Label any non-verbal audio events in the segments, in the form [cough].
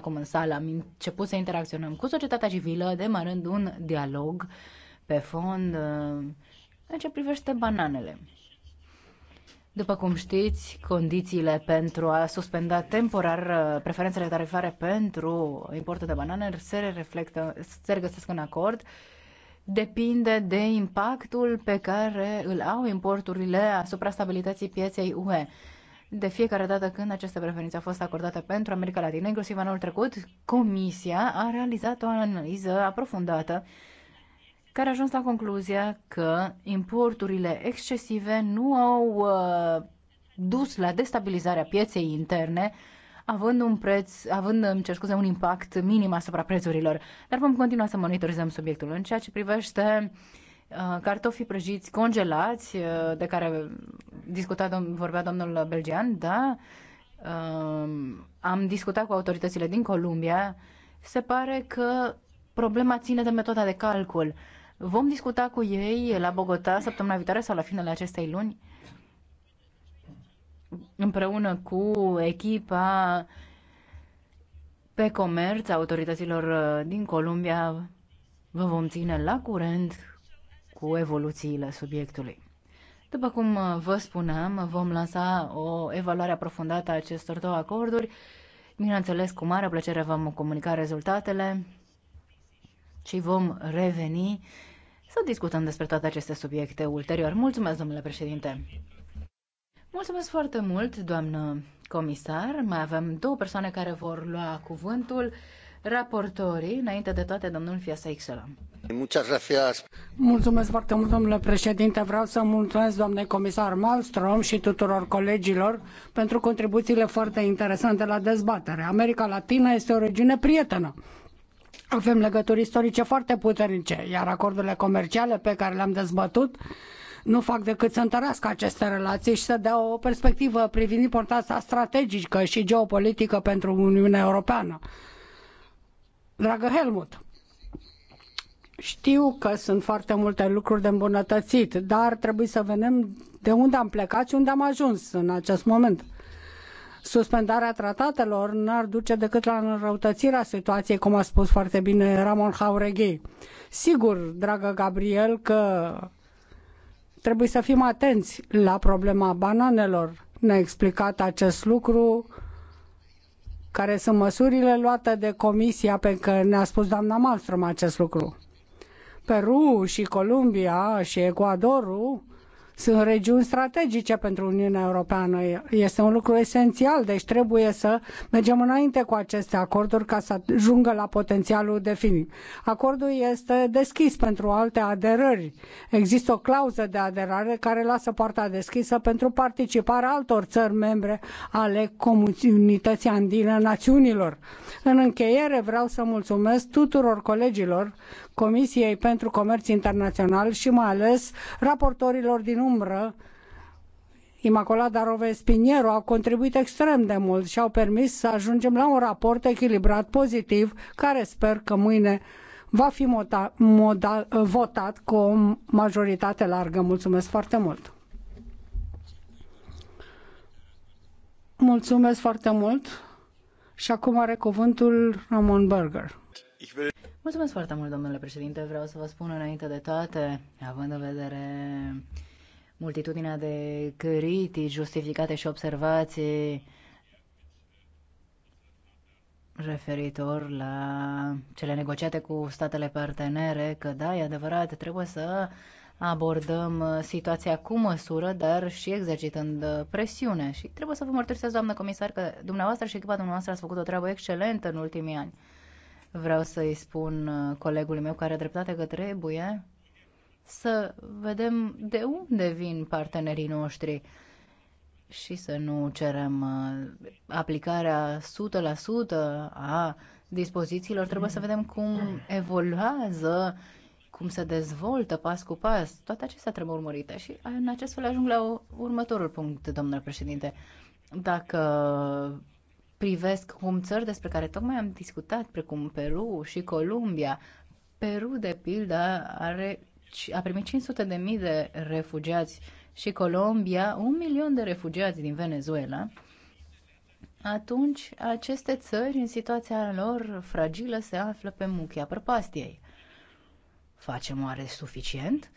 acum în sală, am început să interacționăm cu societatea civilă, demarând un dialog pe fond uh, în ce privește bananele. După cum știți, condițiile pentru a suspenda temporar uh, preferențele tarifare pentru importul de banane se reflectă, se regăsesc în acord depinde de impactul pe care îl au importurile asupra stabilității pieței UE de fiecare dată când această preferință a fost acordată pentru America Latină, inclusiv anul trecut, Comisia a realizat o analiză aprofundată care a ajuns la concluzia că importurile excesive nu au uh, dus la destabilizarea pieței interne, având un preț, având, îmi cer scuze, un impact minim asupra prețurilor. Dar vom continua să monitorizăm subiectul. În ceea ce privește uh, Uh, cartofii prăjiți congelați, uh, de care discuta, vorbea domnul belgian, da, uh, am discutat cu autoritățile din Columbia, se pare că problema ține de metoda de calcul. Vom discuta cu ei la Bogota săptămâna viitoare sau la finele acestei luni împreună cu echipa pe comerț autorităților din Columbia. Vă vom ține la curent cu evoluțiile subiectului. După cum uh, vă spuneam, vom lansa o evaluare aprofundată a acestor două acorduri. Bineînțeles, cu mare plăcere vom comunica rezultatele și vom reveni să discutăm despre toate aceste subiecte ulterior. Mulțumesc, domnule președinte! Mulțumesc foarte mult, doamnă comisar. Mai avem două persoane care vor lua cuvântul. Raportorii, înainte de toate, domnul Fiasa Ixelam domnule președinte. Vreau să mulțumesc doamnei comisar malmstrm și tuturor colegilor pentru contribuțiile foarte interesante la dezbatere. America Latină este o regiune prietenă. Avem legături istorice foarte puternice, iar acordurile comerciale pe care le-am dezbătut nu fac decât să întărească aceste relații și să dea o perspectivă privind importanța strategică și geopolitică pentru Uniunea Europeană. Dragă Helmut, știu că sunt foarte multe lucruri de îmbunătățit, dar trebuie să vedem de unde am plecat și unde am ajuns în acest moment. Suspendarea tratatelor n-ar duce decât la înrăutățirea situației, cum a spus foarte bine Ramon Jauregui. Sigur, dragă Gabriel, că trebuie să fim atenți la problema bananelor. Ne-a explicat acest lucru care sunt măsurile luate de comisia pe care ne-a spus doamna Malmström acest lucru. Peru și Columbia și Ecuadorul sunt regiuni strategice pentru Uniunea Europeană. Este un lucru esențial, deci trebuie să mergem înainte cu aceste acorduri ca să ajungă la potențialul definit. Acordul este deschis pentru alte aderări. Există o clauză de aderare care lasă poarta deschisă pentru participarea altor țări membre ale comunității andine națiunilor. În încheiere vreau să mulțumesc tuturor colegilor Comisiei pentru Comerț Internațional și mai ales raportorilor din umbră. Imacolada Roves pinheiro au contribuit extrem de mult și au permis să ajungem la un raport echilibrat, pozitiv, care sper că mâine va fi mota, moda, votat cu o majoritate largă. Mulțumesc foarte mult! Mulțumesc foarte mult! Și acum are cuvântul Ramon Berger Mulțumesc foarte mult, domnule președinte. Vreau să vă spun înainte de toate, având în vedere multitudinea de critici justificate și observații referitor la cele negociate cu statele partenere, că da, e adevărat, trebuie să abordăm situația cu măsură, dar și exercitând presiune. Și trebuie să vă mărturisesc, doamnă comisar, că dumneavoastră și echipa dumneavoastră ați făcut o treabă excelentă în ultimii ani. Vreau să-i spun uh, colegului meu care are dreptate că trebuie să vedem de unde vin partenerii noștri și să nu cerem uh, aplicarea 100% a dispozițiilor. Trebuie să vedem cum evoluează cum se dezvoltă pas cu pas, toate acestea trebuie urmărite și în acest fel ajung la următorul punct, domnule președinte. Dacă privesc cum țări despre care tocmai am discutat, precum Peru și Columbia. Peru, de pildă, are, a primit 500 de mii de refugiați și Columbia un milion de refugiați din Venezuela. Atunci, aceste țări, în situația lor fragilă, se află pe muchia prăpastiei. Facem oare suficient?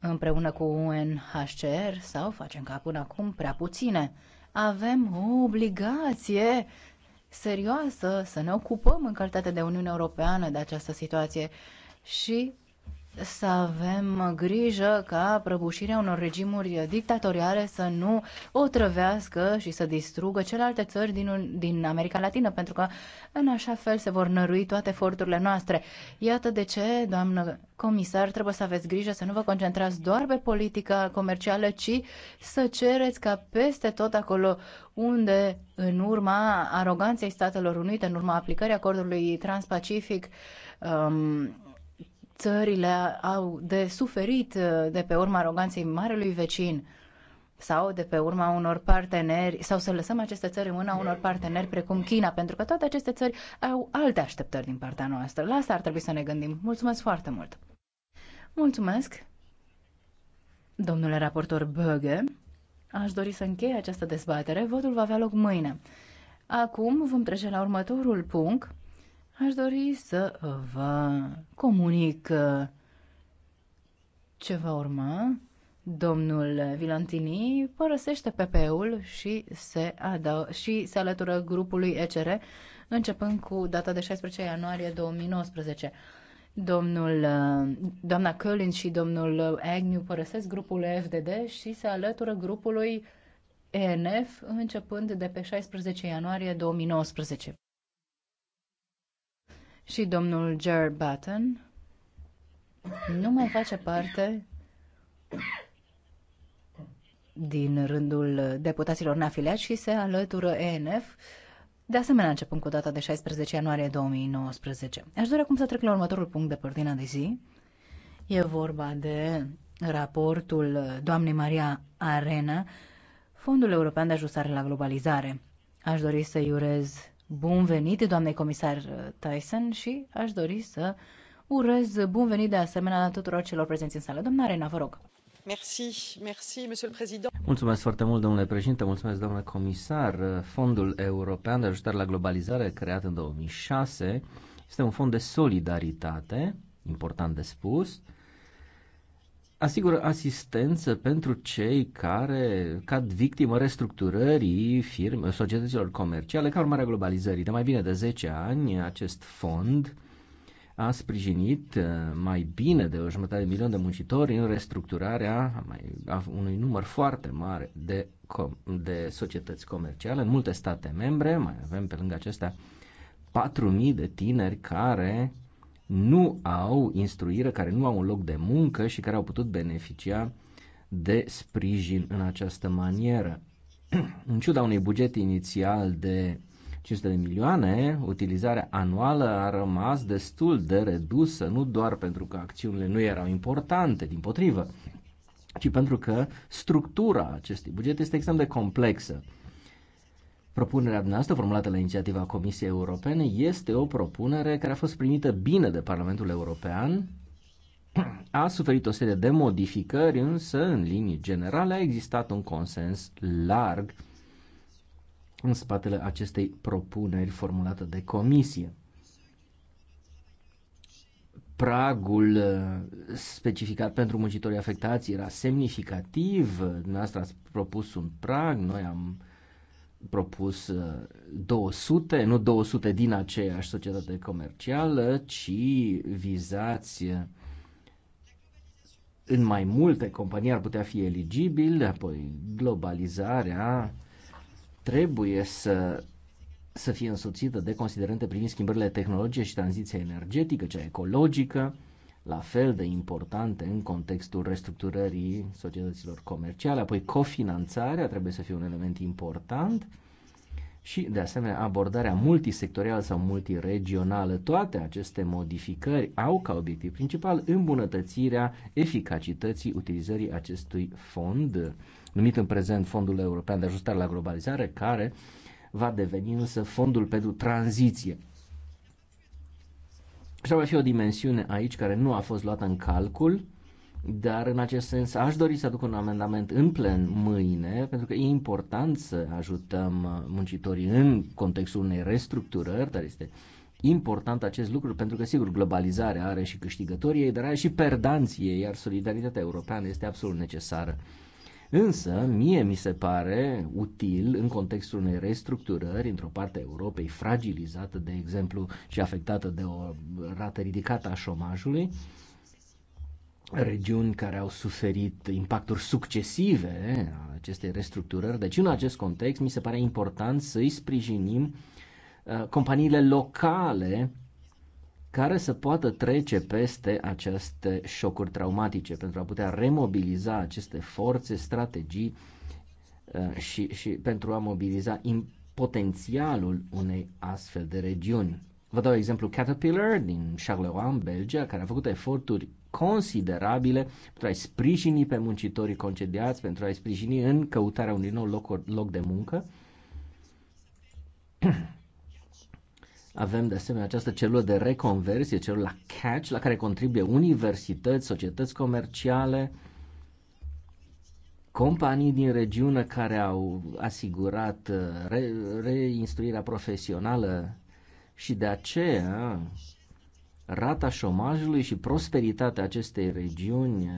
Împreună cu UNHCR sau facem ca până acum prea puține? avem o obligație serioasă să ne ocupăm în calitate de Uniune Europeană de această situație și să avem grijă ca prăbușirea unor regimuri dictatoriale să nu o și să distrugă celelalte țări din, din America Latină, pentru că în așa fel se vor nărui toate eforturile noastre. Iată de ce, doamnă comisar, trebuie să aveți grijă să nu vă concentrați doar pe politica comercială, ci să cereți ca peste tot acolo unde, în urma aroganței Statelor Unite, în urma aplicării acordului transpacific, um, țările au de suferit uh, de pe urma aroganței marelui vecin sau de pe urma unor parteneri, sau să lăsăm aceste țări în mâna unor parteneri precum China, pentru că toate aceste țări au alte așteptări din partea noastră. La asta ar trebui să ne gândim. Mulțumesc foarte mult! Mulțumesc, domnule raportor Böge. Aș dori să închei această dezbatere. Votul va avea loc mâine. Acum vom trece la următorul punct, Aș dori să vă comunic uh, ce va urma. Domnul Vilantini părăsește PP-ul și se, adă- și se alătură grupului ECR începând cu data de 16 ianuarie 2019. Domnul, uh, doamna Colin și domnul Agnew părăsesc grupul FDD și se alătură grupului ENF începând de pe 16 ianuarie 2019 și domnul Ger Button nu mai face parte din rândul deputaților neafiliați și se alătură ENF, de asemenea începând cu data de 16 ianuarie 2019. Aș dori acum să trec la următorul punct de pordina de zi. E vorba de raportul doamnei Maria Arena, Fondul European de Ajustare la Globalizare. Aș dori să-i urez Bun venit, doamne comisar uh, Tyson, și aș dori să urez bun venit de asemenea la tuturor celor prezenți în sală. Doamna Arena, vă rog. Merci, merci, monsieur le président. Mulțumesc foarte mult, domnule președinte, mulțumesc, domnule comisar. Uh, Fondul European de Ajutare la Globalizare, creat în 2006, este un fond de solidaritate, important de spus, asigură asistență pentru cei care cad victimă restructurării firme, societăților comerciale ca urmare a globalizării. De mai bine de 10 ani, acest fond a sprijinit uh, mai bine de o jumătate de milion de muncitori în restructurarea a unui număr foarte mare de, de societăți comerciale în multe state membre. Mai avem pe lângă acestea 4.000 de tineri care nu au instruire, care nu au un loc de muncă și care au putut beneficia de sprijin în această manieră. [clears throat] în ciuda unui buget inițial de 500 de milioane, utilizarea anuală a rămas destul de redusă, nu doar pentru că acțiunile nu erau importante, din potrivă, ci pentru că structura acestui buget este extrem de complexă. Propunerea dumneavoastră, formulată la inițiativa Comisiei Europene, este o propunere care a fost primită bine de Parlamentul European, a suferit o serie de modificări, însă, în linii generale, a existat un consens larg în spatele acestei propuneri formulate de comisie. Pragul uh, specificat pentru muncitorii afectați era semnificativ, dumneavoastră ați propus un prag, noi am propus 200, uh, nu 200 din aceeași societate comercială, ci vizați uh, în mai multe companii ar putea fi eligibil, apoi globalizarea trebuie să, să fie însoțită de considerente privind schimbările tehnologice și tranziția energetică, cea ecologică, la fel de importante în contextul restructurării societăților comerciale, apoi cofinanțarea trebuie să fie un element important și, de asemenea, abordarea multisectorială sau multiregională. Toate aceste modificări au ca obiectiv principal îmbunătățirea eficacității utilizării acestui fond, numit în prezent Fondul European de Ajustare la Globalizare, care va deveni însă Fondul pentru Tranziție Trebuie să fi o dimensiune aici care nu a fost luată în calcul, dar în acest sens aș dori să aduc un amendament în plen mâine, pentru că e important să ajutăm muncitorii în contextul unei restructurări, dar este important acest lucru, pentru că, sigur, globalizarea are și câștigătorii ei, dar are și perdanții ei, iar solidaritatea europeană este absolut necesară. Însă, mie mi se pare util în contextul unei restructurări într-o parte a Europei fragilizată, de exemplu, și afectată de o rată ridicată a șomajului, regiuni care au suferit impacturi succesive a acestei restructurări. Deci, în acest context, mi se pare important să-i sprijinim uh, companiile locale care să poată trece peste aceste șocuri traumatice pentru a putea remobiliza aceste forțe, strategii uh, și, și pentru a mobiliza potențialul unei astfel de regiuni. Vă dau exemplu Caterpillar din Charleroi, în Belgia, care a făcut eforturi considerabile pentru a-i sprijini pe muncitorii concediați, pentru a-i sprijini în căutarea unui nou loc, loc de muncă. [clears throat] Avem de asemenea această celulă de reconversie, celula catch, la care contribuie universități, societăți comerciale, companii din regiune care au asigurat uh, re, reinstruirea profesională și de aceea rata șomajului și prosperitatea acestei regiuni uh,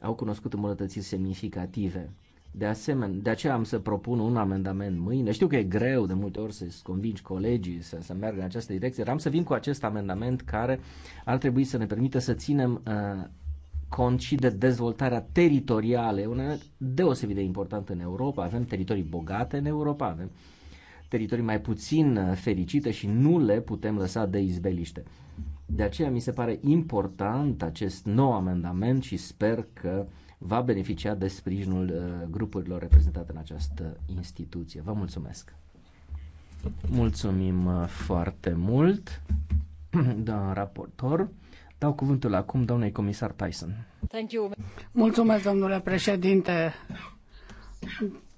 au cunoscut îmbunătățiri semnificative. De asemenea, de aceea am să propun un amendament mâine. Știu că e greu de multe ori să-i convingi colegii să, să meargă în această direcție, dar am să vin cu acest amendament care ar trebui să ne permită să ținem uh, cont și de dezvoltarea teritorială, element deosebit de important în Europa. Avem teritorii bogate în Europa, avem teritorii mai puțin uh, fericite și nu le putem lăsa de izbeliște. De aceea mi se pare important acest nou amendament și sper că uh, va beneficia de sprijinul uh, grupurilor reprezentate în această instituție. Vă mulțumesc! Mulțumim uh, foarte mult, [clears throat] doamna raportor. Dau cuvântul acum doamnei comisar Tyson. Thank you. Mulțumesc, domnule președinte.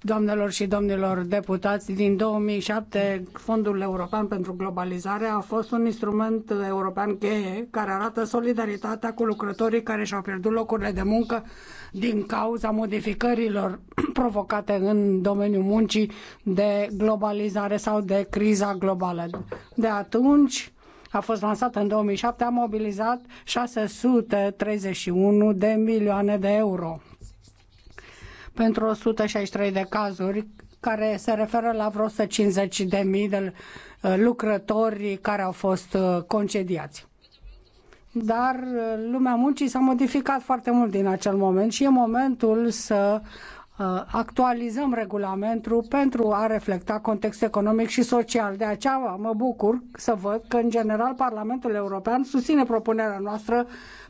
Doamnelor și domnilor deputați, din 2007 Fondul European pentru Globalizare a fost un instrument european cheie care arată solidaritatea cu lucrătorii care și-au pierdut locurile de muncă din cauza modificărilor [clears throat] provocate în domeniul muncii de globalizare sau de criza globală. De atunci a fost lansat în 2007, a mobilizat 631 de milioane de euro pentru 163 de cazuri care se referă la vreo 150 de mii de uh, lucrători care au fost uh, concediați dar uh, lumea muncii s-a modificat foarte mult din acel moment și e momentul să uh, actualizăm regulamentul pentru a reflecta contextul economic și social. De aceea mă bucur să văd că, în general, Parlamentul European susține propunerea noastră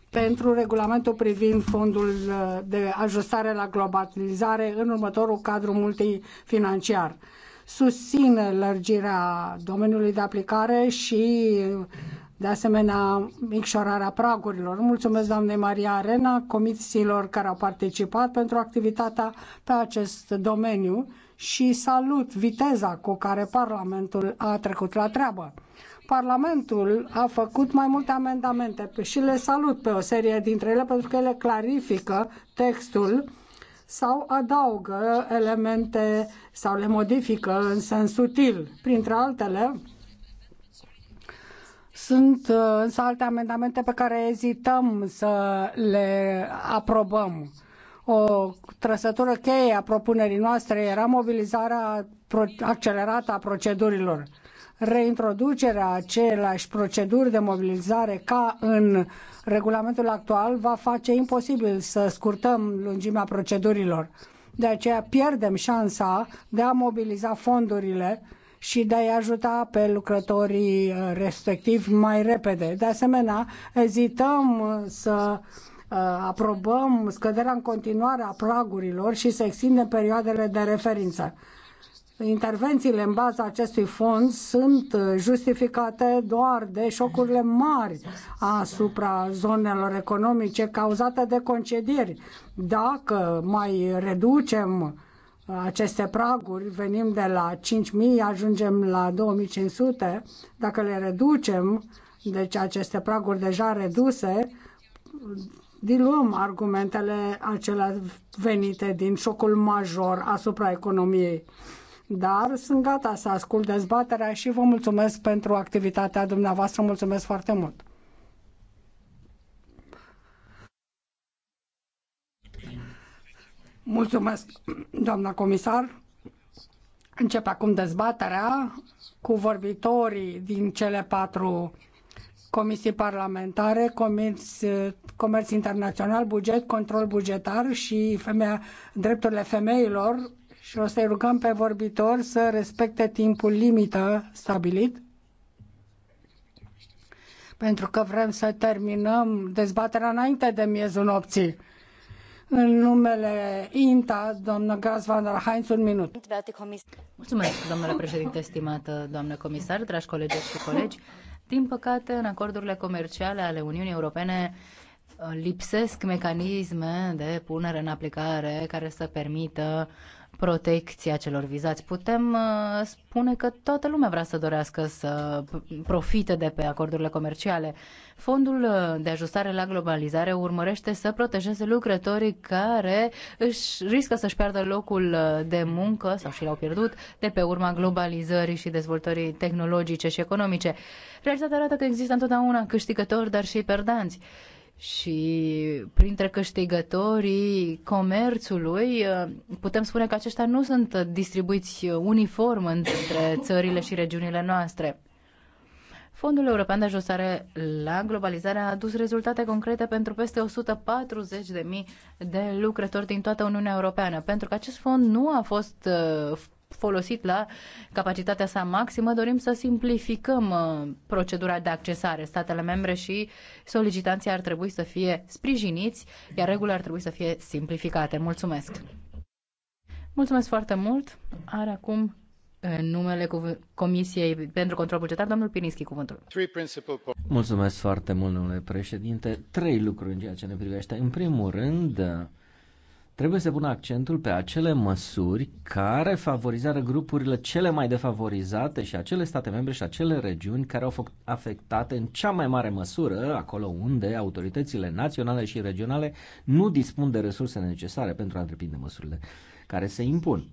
pentru regulamentul privind fondul uh, de ajustare la globalizare în următorul cadru multifinanciar. Susține lărgirea domeniului de aplicare și de asemenea micșorarea pragurilor. Mulțumesc doamnei Maria Arena, comisiilor care au participat pentru activitatea pe acest domeniu și salut viteza cu care Parlamentul a trecut la treabă. Parlamentul a făcut mai multe amendamente și le salut pe o serie dintre ele pentru că ele clarifică textul sau adaugă elemente sau le modifică în sens util. Printre altele, sunt uh, însă alte amendamente pe care ezităm să le aprobăm. O trăsătură cheie a propunerii noastre era mobilizarea accelerată a procedurilor. Reintroducerea aceleași proceduri de mobilizare ca în regulamentul actual va face imposibil să scurtăm lungimea procedurilor. De aceea pierdem șansa de a mobiliza fondurile și de a-i ajuta pe lucrătorii uh, respectivi mai repede. De asemenea, ezităm uh, să uh, aprobăm scăderea în continuare a pragurilor și să extindem perioadele de referință. Intervențiile în baza acestui fond sunt justificate doar de șocurile mari asupra zonelor economice cauzate de concedieri. Dacă mai reducem aceste praguri, venim de la 5.000, ajungem la 2.500, dacă le reducem, deci aceste praguri deja reduse, diluăm argumentele acelea venite din șocul major asupra economiei. Dar sunt gata să ascult dezbaterea și vă mulțumesc pentru activitatea dumneavoastră. Mulțumesc foarte mult! Mulțumesc, doamna comisar. Începe acum dezbaterea cu vorbitorii din cele patru comisii parlamentare, comerț, comerț internațional, buget, control bugetar și femeia, drepturile femeilor și o să-i rugăm pe vorbitor să respecte timpul limită stabilit pentru că vrem să terminăm dezbaterea înainte de miezul nopții numele minut. domnule președinte, stimată doamnă comisar, dragi colegi și colegi. Din păcate, în acordurile comerciale ale Uniunii Europene lipsesc mecanisme de punere în aplicare care să permită protecția celor vizați. Putem uh, spune că toată lumea vrea să dorească să profite de pe acordurile comerciale Fondul uh, de ajustare la globalizare urmărește să protejeze lucrătorii care își riscă să-și piardă locul uh, de muncă sau și l-au pierdut de pe urma globalizării și dezvoltării tehnologice și economice. Realitatea arată că există întotdeauna câștigători, dar și perdanți și printre câștigătorii comerțului uh, putem spune că aceștia nu sunt distribuiți uniform între țările și regiunile noastre. Fondul European de Ajustare la Globalizare a adus rezultate concrete pentru peste 140.000 de lucrători din toată Uniunea Europeană. Pentru că acest fond nu a fost uh, folosit la capacitatea sa maximă, dorim să simplificăm uh, procedura de accesare. Statele membre și solicitanții ar trebui să fie sprijiniți, iar regulile ar trebui să fie simplificate. Mulțumesc! Mulțumesc foarte mult! Are acum în numele Comisiei pentru Control Bugetar, domnul Pirinski, cuvântul. Mulțumesc foarte mult, domnule președinte. Trei lucruri în ceea ce ne privește. În primul rând, trebuie să pun accentul pe acele măsuri care favorizează grupurile cele mai defavorizate și acele state membre și acele regiuni care au fost afectate în cea mai mare măsură acolo unde autoritățile naționale și regionale nu dispun de resurse necesare pentru a întreprinde măsurile care se impun. [clears throat]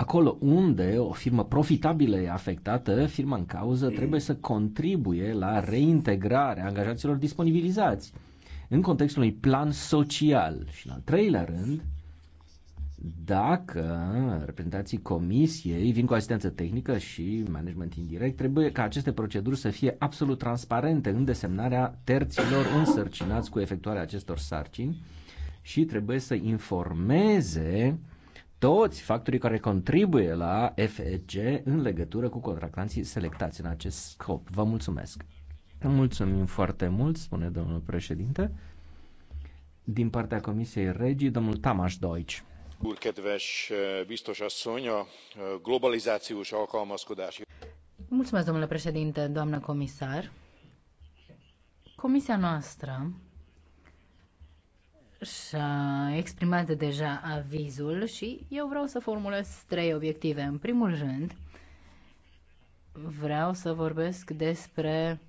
Acolo unde o firmă profitabilă e afectată, firma în cauză trebuie să contribuie la reintegrarea angajaților disponibilizați în contextul unui plan social. Și în al treilea rând, dacă reprezentanții comisiei vin cu asistență tehnică și management indirect, trebuie ca aceste proceduri să fie absolut transparente în desemnarea terților însărcinați cu efectuarea acestor sarcini și trebuie să informeze toți factorii care contribuie la FEG în legătură cu contractanții selectați în acest scop. Vă mulțumesc! Mulțumim foarte mult, spune domnul președinte. Din partea Comisiei Regii, domnul Tamas Deutsch. Úr, kedves eh, biztos asszony, a eh, globalizációs alkalmazkodás. Mulțumesc, domnule președinte, doamnă comisar. Comisia noastră și-a exprimat deja avizul și eu vreau să formulez trei obiective. În primul rând, vreau să vorbesc despre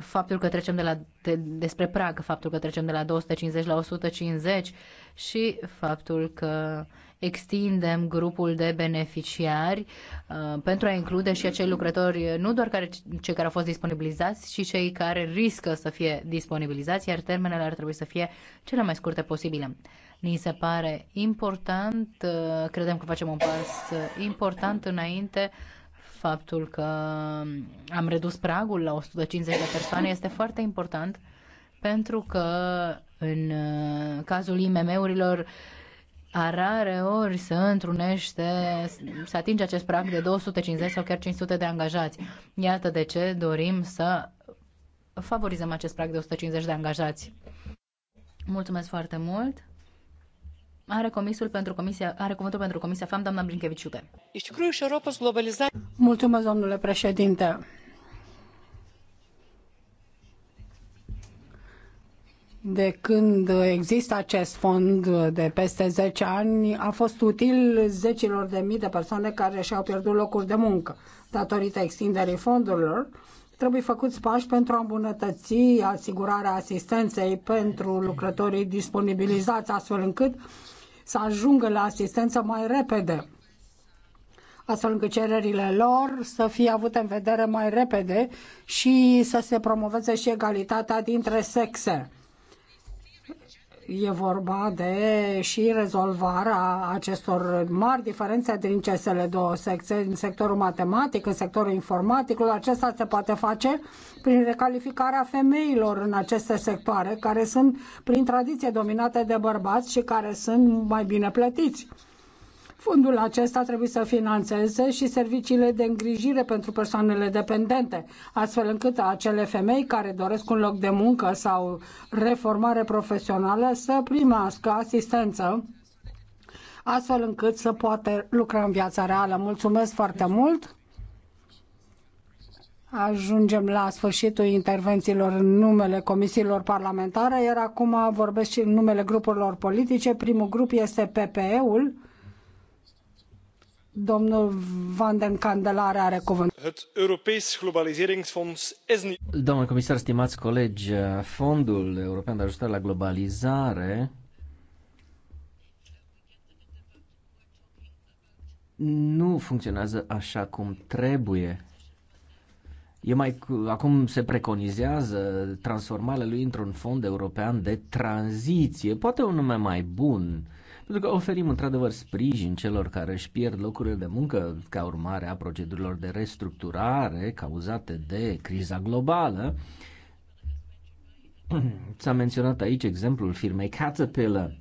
faptul că trecem de la de, despre prag, faptul că trecem de la 250 la 150 și faptul că extindem grupul de beneficiari uh, pentru a include și acei lucrători, uh, nu doar care, cei care au fost disponibilizați, ci cei care riscă să fie disponibilizați, iar termenele ar trebui să fie cele mai scurte posibile. Ni se pare important, uh, credem că facem un pas uh, important înainte faptul că am redus pragul la 150 de persoane este foarte important pentru că în uh, cazul IMM-urilor a rare ori se întrunește, se atinge acest prag de 250 sau chiar 500 de angajați. Iată de ce dorim să favorizăm acest prag de 150 de angajați. Mulțumesc foarte mult! Are, comisul pentru comisia, are cuvântul pentru Comisia FAM, doamna Blinkevici-Iute. Mulțumesc, domnule președinte! de când există acest fond de peste 10 ani, a fost util zecilor de mii de persoane care și-au pierdut locuri de muncă. Datorită extinderii fondurilor, trebuie făcuți pași pentru a îmbunătăți asigurarea asistenței pentru lucrătorii disponibilizați, astfel încât să ajungă la asistență mai repede, astfel încât cererile lor să fie avute în vedere mai repede și să se promoveze și egalitatea dintre sexe E vorba de și rezolvarea acestor mari diferențe dintre cele două secțe, în sectorul matematic, în sectorul informatic. Acesta se poate face prin recalificarea femeilor în aceste sectoare, care sunt prin tradiție dominate de bărbați și care sunt mai bine plătiți Fondul acesta trebuie să financeze și serviciile de îngrijire pentru persoanele dependente, astfel încât acele femei care doresc un loc de muncă sau reformare profesională să primească asistență astfel încât să poată lucra în viața reală. Mulțumesc foarte mult! Ajungem la sfârșitul intervențiilor în numele comisiilor parlamentare, iar acum vorbesc și în numele grupurilor politice. Primul grup este PPE-ul. Domnul Van den Het Europees Globaliseringsfonds is niet... comisar, stimați colegi, Fondul European de Ajustare la Globalizare nu funcționează așa cum trebuie. Eu mai, acum se preconizează transformarea lui într-un fond european de tranziție, poate un nume mai bun, pentru că oferim într-adevăr sprijin celor care își pierd locurile de muncă ca urmare a procedurilor de restructurare cauzate de criza globală. [clears throat] S-a menționat aici exemplul firmei Caterpillar.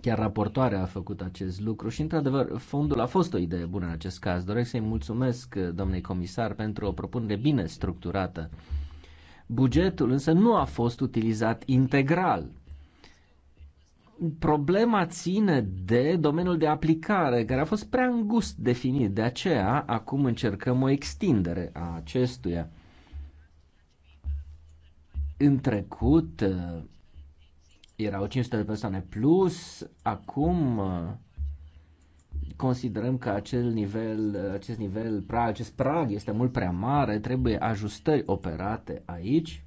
Chiar raportoarea a făcut acest lucru și, într-adevăr, fondul a fost o idee bună în acest caz. Doresc să-i mulțumesc, uh, domnului comisar, pentru o propunere bine structurată. Bugetul însă nu a fost utilizat integral problema ține de domeniul de aplicare, care a fost prea îngust definit. De aceea, acum încercăm o extindere a acestuia. În trecut eh, erau 500 de persoane plus, acum eh, considerăm că acel nivel, eh, acest nivel, prag, acest prag este mult prea mare, trebuie ajustări operate aici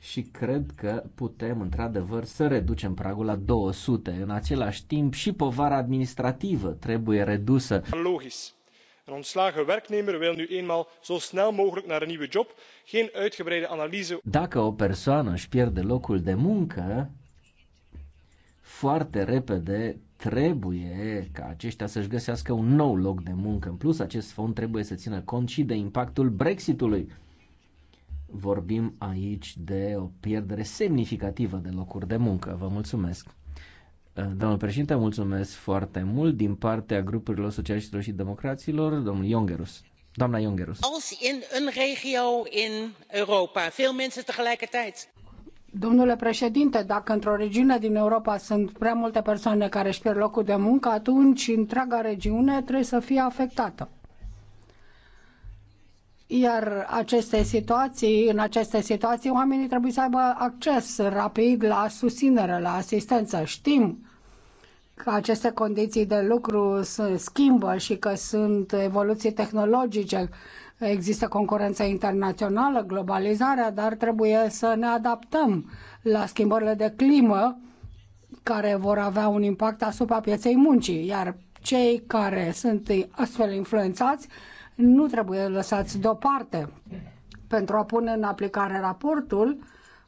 și cred că putem într-adevăr să reducem pragul la 200. În același timp și povara administrativă trebuie redusă. Logis. Een ontslagen werknemer wil nu eenmaal zo snel mogelijk naar een nieuwe job, geen uitgebreide analyse. Dacă o persoană își pierde locul de muncă, foarte repede trebuie ca aceștia să-și găsească un nou loc de muncă. În plus, acest fond trebuie să țină cont și de impactul Brexitului vorbim aici de o pierdere semnificativă de locuri de muncă. Vă mulțumesc. Domnul președinte, mulțumesc foarte mult din partea grupurilor socialiștilor și democraților, domnul Iongerus. Doamna Iongerus. Als in een regio in Europa, veel mensen tegelijkertijd. Domnule președinte, dacă într-o regiune din Europa sunt prea multe persoane care își pierd locul de muncă, atunci întreaga regiune trebuie să fie afectată iar aceste situații, în aceste situații, oamenii trebuie să aibă acces rapid la susținere, la asistență. Știm că aceste condiții de lucru se schimbă și că sunt evoluții tehnologice, există concurență internațională, globalizarea, dar trebuie să ne adaptăm la schimbările de climă care vor avea un impact asupra pieței muncii, iar cei care sunt astfel influențați nu trebuie lăsați deoparte. Pentru a pune în aplicare raportul,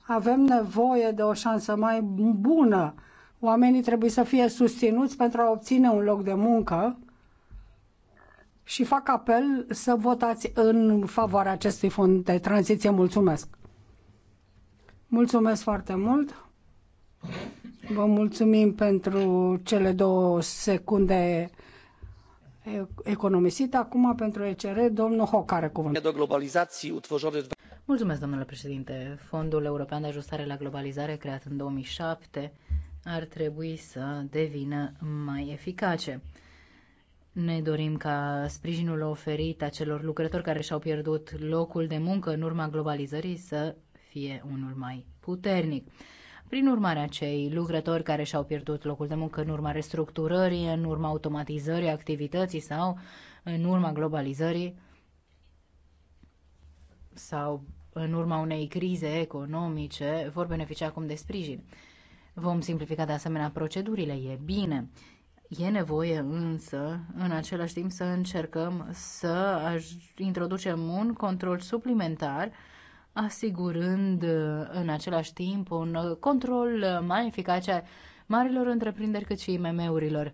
avem nevoie de o șansă mai bună. Oamenii trebuie să fie susținuți pentru a obține un loc de muncă și fac apel să votați în favoarea acestui fond de tranziție. Mulțumesc! Mulțumesc foarte mult! Vă mulțumim pentru cele două secunde economisit. Acum pentru ECR, domnul Hoc are cuvântul. Mulțumesc, domnule președinte. Fondul European de Ajustare la Globalizare, creat în 2007, ar trebui să devină mai eficace. Ne dorim ca sprijinul oferit acelor lucrători care și-au pierdut locul de muncă în urma globalizării să fie unul mai puternic. Prin urmare, acei lucrători care și-au pierdut locul de muncă în urma restructurării, în urma automatizării activității sau în urma globalizării sau în urma unei crize economice, vor beneficia acum de sprijin. Vom simplifica de asemenea procedurile, e bine. E nevoie însă, în același timp, să încercăm să introducem un control suplimentar asigurând uh, în același timp un uh, control uh, mai eficace a marilor întreprinderi cât și IMM-urilor.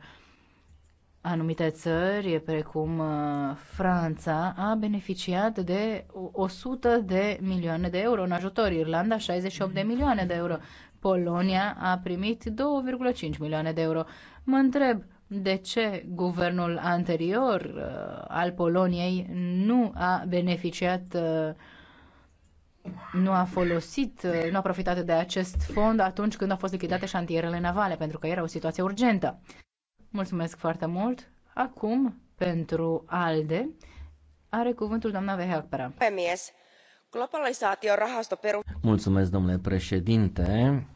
Anumite țări, precum Franța, a beneficiat de 100 de milioane de euro în ajutor, Irlanda 68 de milioane de euro, Polonia a primit 2,5 milioane de euro. Mă întreb, de ce guvernul anterior al Poloniei nu a beneficiat uh, nu a folosit, uh, nu a profitat de acest fond atunci când au fost lichidate șantierele navale, pentru că era o situație urgentă. Mulțumesc foarte mult. Acum, pentru ALDE, are cuvântul doamna Vehacpera. Mulțumesc, domnule președinte.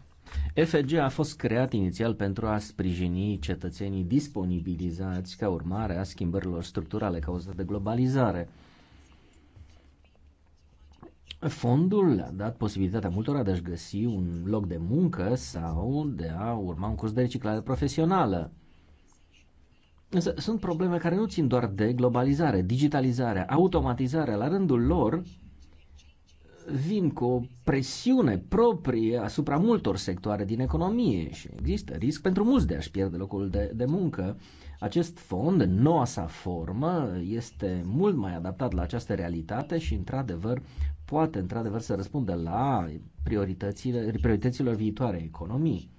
FG a fost creat inițial pentru a sprijini cetățenii disponibilizați ca urmare a schimbărilor structurale cauzate de globalizare. Fondul le-a dat posibilitatea multora de a-și găsi un loc de muncă sau de a urma un curs de reciclare profesională. Însă sunt probleme care nu țin doar de globalizare, digitalizare, automatizare. La rândul lor vin cu o presiune proprie asupra multor sectoare din economie și există risc pentru mulți de a-și pierde locul de, de muncă acest fond, în noua sa formă, este mult mai adaptat la această realitate și, într-adevăr, poate, într-adevăr, să răspundă la prioritățile, priorităților viitoare economii.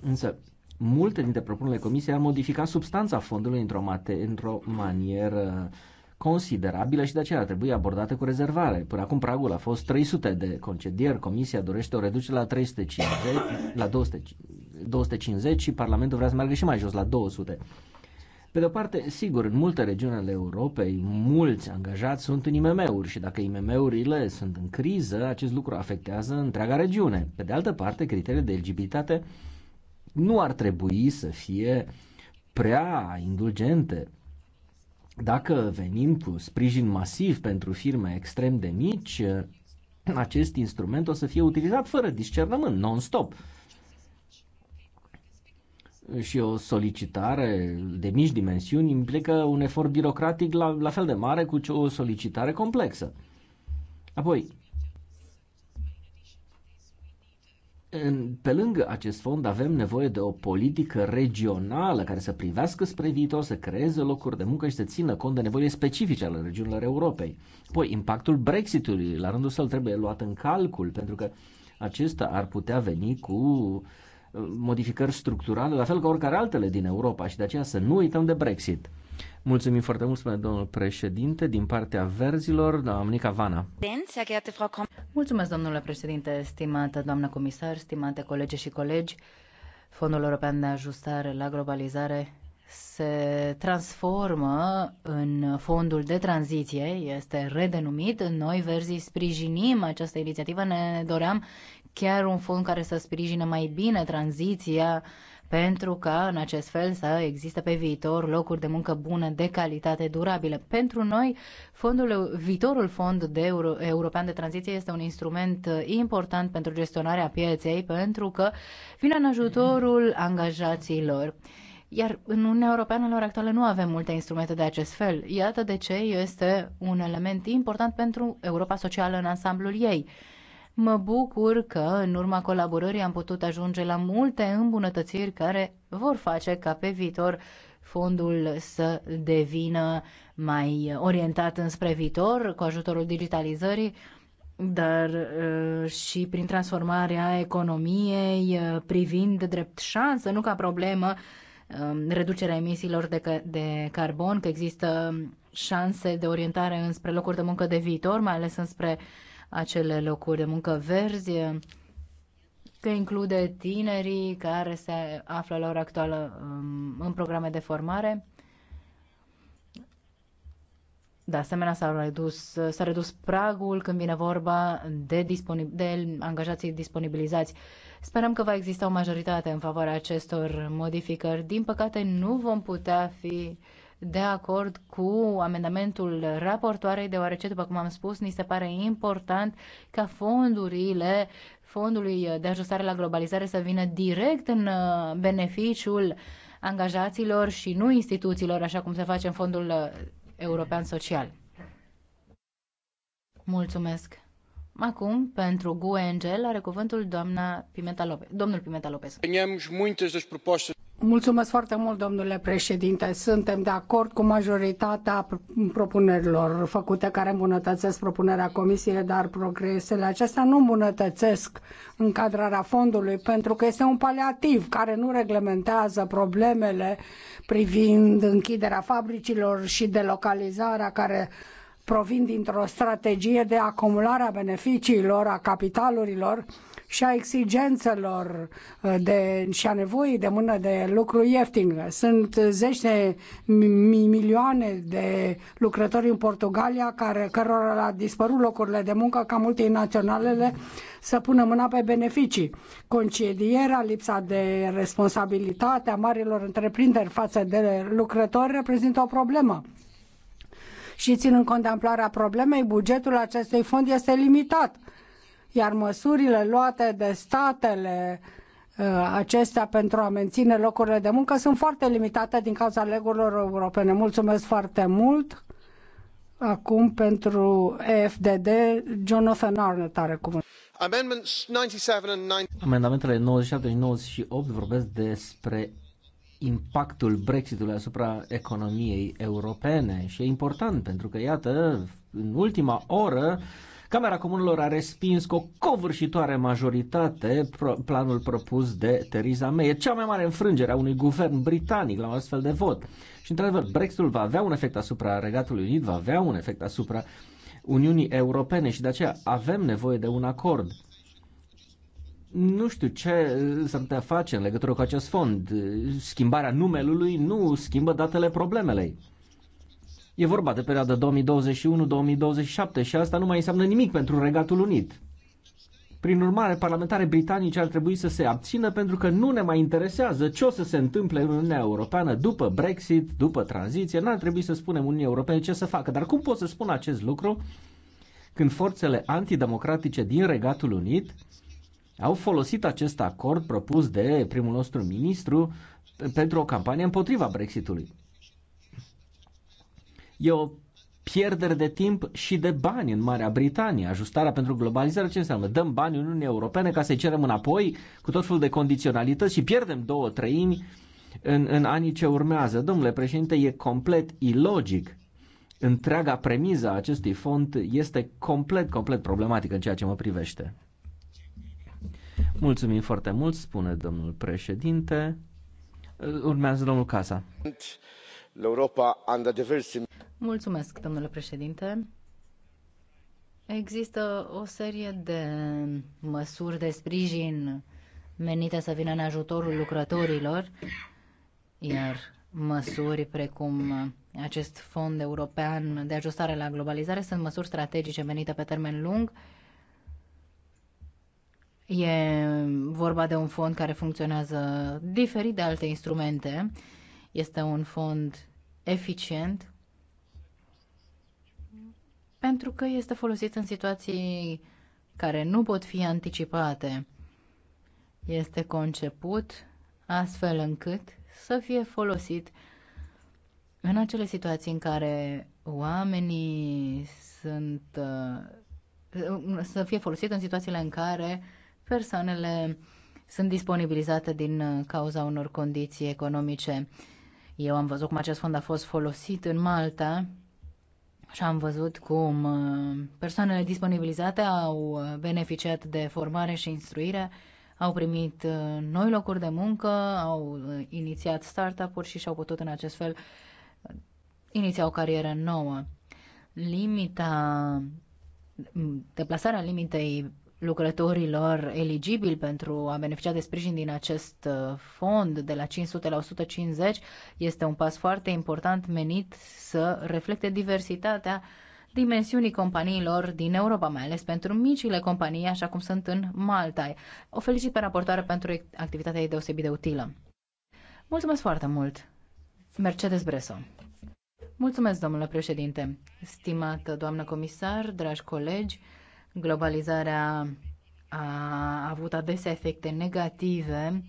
Însă, multe dintre propunerile Comisiei ar modifica substanța fondului într-o, mate, într manieră uh, considerabile și de aceea trebuie abordate cu rezervare. Până acum pragul a fost 300 de concedieri, Comisia dorește o reducere la 350, la 200, 250 și Parlamentul vrea să meargă și mai jos, la 200. Pe de-o parte, sigur, în multe regiuni ale Europei, mulți angajați sunt în IMM-uri și dacă IMM-urile sunt în criză, acest lucru afectează întreaga regiune. Pe de altă parte, criteriile de eligibilitate nu ar trebui să fie prea indulgente dacă venim cu sprijin masiv pentru firme extrem de mici, acest instrument o să fie utilizat fără discernământ, non-stop. Și o solicitare de mici dimensiuni implică un efort birocratic la, la fel de mare cu o solicitare complexă. Apoi, în, pe lângă acest fond avem nevoie de o politică regională care să privească spre viitor, să creeze locuri de muncă și să țină cont de nevoile specifice ale regiunilor Europei. Apoi, impactul Brexitului, la rândul său, trebuie luat în calcul, pentru că acesta ar putea veni cu uh, modificări structurale, la fel ca oricare altele din Europa și de aceea să nu uităm de Brexit. Mulțumim foarte mult, spune domnul președinte, din partea verzilor, doamna Monica Vana. Mulțumesc, domnule președinte, stimată doamnă comisar, stimate colege și colegi. Fondul European de Ajustare la Globalizare se transformă în fondul de tranziție, este redenumit. Noi, verzii, sprijinim această inițiativă, ne doream chiar un fond care să sprijine mai bine tranziția pentru ca în acest fel să existe pe viitor locuri de muncă bune, de calitate, durabile. Pentru noi, fondul, viitorul fond de Euro, european de tranziție este un instrument uh, important pentru gestionarea pieței, pentru că vine în ajutorul angajaților. Iar în Uniunea Europeană, la ora actuală, nu avem multe instrumente de acest fel. Iată de ce este un element important pentru Europa Socială în ansamblul ei. Mă bucur că, în urma colaborării, am putut ajunge la multe îmbunătățiri care vor face ca pe viitor fondul să devină mai orientat înspre viitor cu ajutorul digitalizării, dar uh, și prin transformarea economiei, uh, privind drept șansă, nu ca problemă, um, reducerea emisiilor de, de carbon, că există șanse de orientare înspre locuri de muncă de viitor, mai ales înspre uh, acele locuri de muncă verzi, că include tinerii care se află la ora actuală um, în programe de formare. De asemenea, s-a redus, s-a redus pragul când vine vorba de, disponib- de angajații disponibilizați. Sperăm că va exista o majoritate în favoarea acestor modificări. Din păcate, nu vom putea fi uh, de acord cu amendamentul raportoarei, deoarece, după cum am spus, ni se pare important ca fondurile fondului de ajustare la globalizare să vină direct în uh, beneficiul angajaților și nu instituțiilor, așa cum se face în fondul uh, european social. Mulțumesc. Acum, pentru GUE Angel, are cuvântul doamna Pimenta Lopez. Domnul Pimenta Lopez. Mulțumesc foarte mult, domnule președinte. Suntem de acord cu majoritatea propunerilor făcute care îmbunătățesc propunerea comisiei, dar progresele acestea nu îmbunătățesc încadrarea fondului pentru că este un paliativ care nu reglementează problemele privind închiderea fabricilor și delocalizarea care provin dintr-o strategie de acumulare a beneficiilor, a capitalurilor, și a exigențelor uh, de, și a nevoii de mână de lucru ieftină. Sunt zeci de milioane de lucrători în Portugalia care, cărora a dispărut locurile de muncă ca multinaționalele să pună mâna pe beneficii. Concedierea, lipsa de responsabilitate a marilor întreprinderi față de lucrători reprezintă o problemă și ținând cont de problemei, bugetul acestui fond este limitat iar măsurile luate de statele uh, acestea pentru a menține locurile de muncă sunt foarte limitate din cauza legurilor europene. Mulțumesc foarte mult! Acum pentru EFDD, Jonathan Arnott are cuvânt. Amendamentele 97 și 98 vorbesc despre impactul Brexitului asupra economiei europene și e important pentru că, iată, în ultima oră Camera Comunilor a respins cu o covârșitoare majoritate planul propus de Theresa May. E cea mai mare înfrângere a unui guvern britanic la un astfel de vot. Și, într-adevăr, Brexitul va avea un efect asupra Regatului Unit, va avea un efect asupra Uniunii Europene și de aceea avem nevoie de un acord. Nu știu ce s-ar putea face în legătură cu acest fond. Schimbarea numelui nu schimbă datele problemelei. E vorba de perioada 2021-2027 și asta nu mai înseamnă nimic pentru Regatul Unit. Prin urmare, parlamentare britanici ar trebui să se abțină pentru că nu ne mai interesează ce o să se întâmple în Uniunea Europeană după Brexit, după tranziție. N-ar trebui să spunem Uniunii Europene ce să facă. Dar cum pot să spun acest lucru când forțele antidemocratice din Regatul Unit au folosit acest acord propus de primul nostru ministru pentru o campanie împotriva Brexitului? E o pierdere de timp și de bani în Marea Britanie. Ajustarea pentru globalizare ce înseamnă? Dăm bani în Uniunea Europene ca să-i cerem înapoi cu tot felul de condiționalități și pierdem două treimi în, în anii ce urmează. Domnule președinte, e complet ilogic. Întreaga premiză a acestui fond este complet, complet problematică în ceea ce mă privește. Mulțumim foarte mult, spune domnul președinte. Urmează domnul Casa. Mulțumesc, domnule președinte. Există o serie de măsuri de sprijin menite să vină în ajutorul lucrătorilor, iar măsuri precum acest fond european de ajustare la globalizare sunt măsuri strategice menite pe termen lung. E vorba de un fond care funcționează diferit de alte instrumente. Este un fond eficient pentru că este folosit în situații care nu pot fi anticipate. Este conceput astfel încât să fie folosit în acele situații în care oamenii sunt uh, să fie folosit în situațiile în care persoanele sunt disponibilizate din cauza unor condiții economice. Eu am văzut cum acest fond a fost folosit în Malta și am văzut cum uh, persoanele disponibilizate au uh, beneficiat de formare și instruire, au primit uh, noi locuri de muncă, au inițiat startup-uri și și-au putut în acest fel iniția o carieră nouă. Limita, deplasarea limitei lucrătorilor eligibili pentru a beneficia de sprijin din acest uh, fond de la 500 la 150 este un pas foarte important menit să reflecte diversitatea dimensiunii companiilor din Europa, mai ales pentru micile companii, așa cum sunt în Malta. O felicit pe raportoare pentru activitatea ei deosebit de utilă. Mulțumesc foarte mult, Mercedes Breso. Mulțumesc, domnule președinte, stimată doamnă comisar, dragi colegi, Globalizarea a avut adesea efecte negative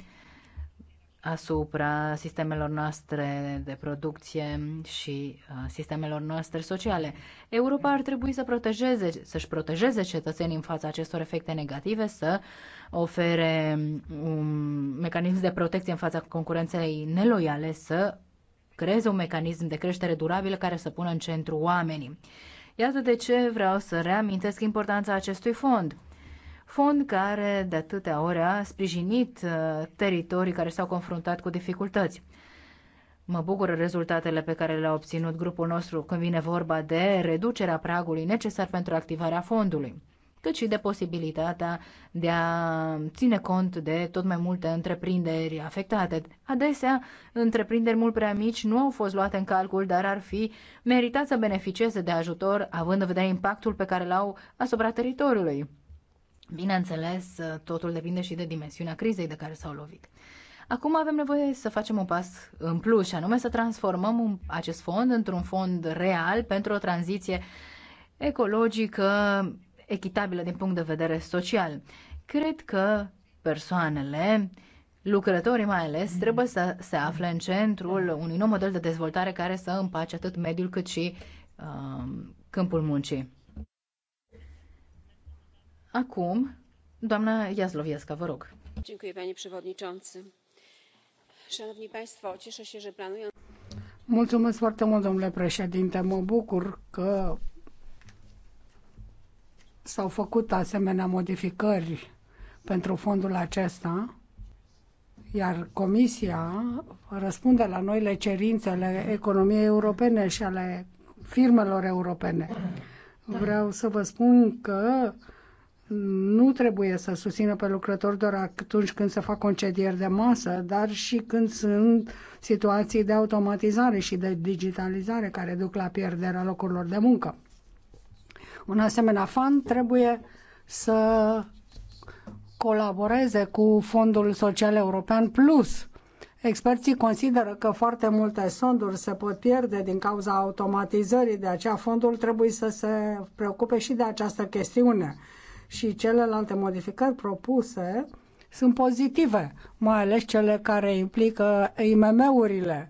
asupra sistemelor noastre de producție și uh, sistemelor noastre sociale. Europa ar trebui să protejeze, să-și protejeze cetățenii în fața acestor efecte negative, să ofere un mecanism de protecție în fața concurenței neloiale, să creeze un mecanism de creștere durabilă care să pună în centru oamenii. Iată de ce vreau să reamintesc importanța acestui fond. Fond care de atâtea ori a sprijinit uh, teritorii care s-au confruntat cu dificultăți. Mă bucură rezultatele pe care le-a obținut grupul nostru când vine vorba de reducerea pragului necesar pentru activarea fondului cât și de posibilitatea de a ține cont de tot mai multe întreprinderi afectate. Adesea, întreprinderi mult prea mici nu au fost luate în calcul, dar ar fi meritat să beneficieze de ajutor, având în vedere impactul pe care l-au asupra teritoriului. Bineînțeles, totul depinde și de dimensiunea crizei de care s-au lovit. Acum avem nevoie să facem un pas în plus, și anume să transformăm un, acest fond într-un fond real pentru o tranziție ecologică echitabilă din punct de vedere social. Cred că persoanele, lucrătorii mai ales, trebuie să se afle în centrul unui nou model de dezvoltare care să împace atât mediul cât și uh, câmpul muncii. Acum, doamna Iazloviesca, vă rog. Mulțumesc foarte mult, domnule președinte. Mă bucur că S-au făcut asemenea modificări pentru fondul acesta, iar Comisia răspunde la noile ale economiei europene și ale firmelor europene. Da. Vreau să vă spun că nu trebuie să susțină pe lucrători doar atunci când se fac concedieri de masă, dar și când sunt situații de automatizare și de digitalizare care duc la pierderea locurilor de muncă. Un asemenea fond trebuie să colaboreze cu Fondul Social European Plus. Experții consideră că foarte multe sonduri se pot pierde din cauza automatizării, de aceea fondul trebuie să se preocupe și de această chestiune. Și celelalte modificări propuse sunt pozitive, mai ales cele care implică IMM-urile